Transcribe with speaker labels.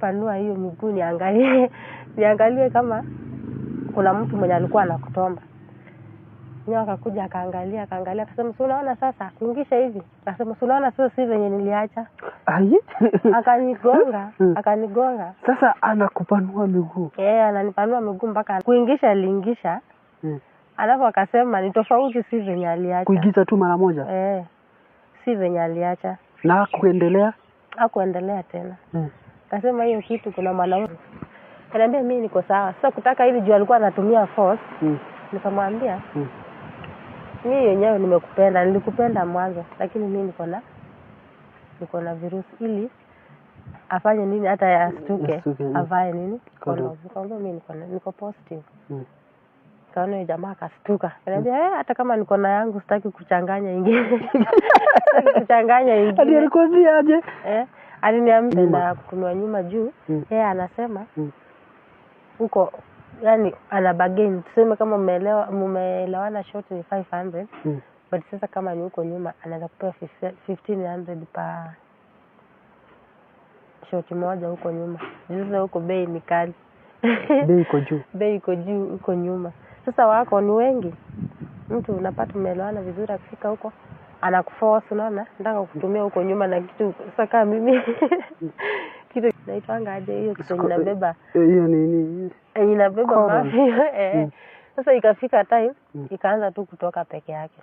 Speaker 1: panua hiyo miguu niangalie niangalie kama kuna mtu mwenye alikuwa anakutomba nyo akakuja akaangalia akaangalia akasema si unaona sasa kuingisha hivi akasema si unaona sio si venye niliacha akanigonga hmm. akanigonga
Speaker 2: sasa anakupanua miguu
Speaker 1: yeye yeah, ananipanua miguu mpaka kuingisha aliingisha mm. alafu akasema ni tofauti si venye aliacha
Speaker 2: kuingiza tu mara moja
Speaker 1: yeah. si venye aliacha
Speaker 2: na akuendelea
Speaker 1: akuendelea tena mm. Kasema hiyo kitu kuna mwanaume kaniambia, mimi niko sawa. Sasa kutaka hivi juu alikuwa anatumia force mm. Nikamwambia mm. yenyewe nimekupenda, nilikupenda mwanzo, lakini mimi niko na niko na virusi, ili afanye nini, hata astuke hmm. avae nini, nikamwambia mimi niko niko positive mm. Kaona huyo jamaa akastuka, kaniambia hmm. eh, hata kama niko na yangu sitaki kuchanganya ingine kuchanganya ingine.
Speaker 2: Hadi aje
Speaker 1: eh aliniambia na kutumiwa nyuma juu mm. yeye anasema huko mm. yani ana bargain tuseme kama mmeelewana short ni 500 mm. but sasa kama ni huko nyuma anaweza kupewa 1500 pa shoti moja huko nyuma sasa huko bei ni kali
Speaker 2: bei iko juu
Speaker 1: bei iko juu huko nyuma sasa wako ni wengi mtu unapata umeelewana vizuri akifika huko anakuforce unaona, nataka kutumia huko nyuma na kitu. Sasa kama mimi kitu naitwanga aje hiyo kitu inabeba
Speaker 2: eh, hiyo nini,
Speaker 1: eh, inabeba mafia eh. Mm. Sasa ikafika time mm. ikaanza tu kutoka peke yake.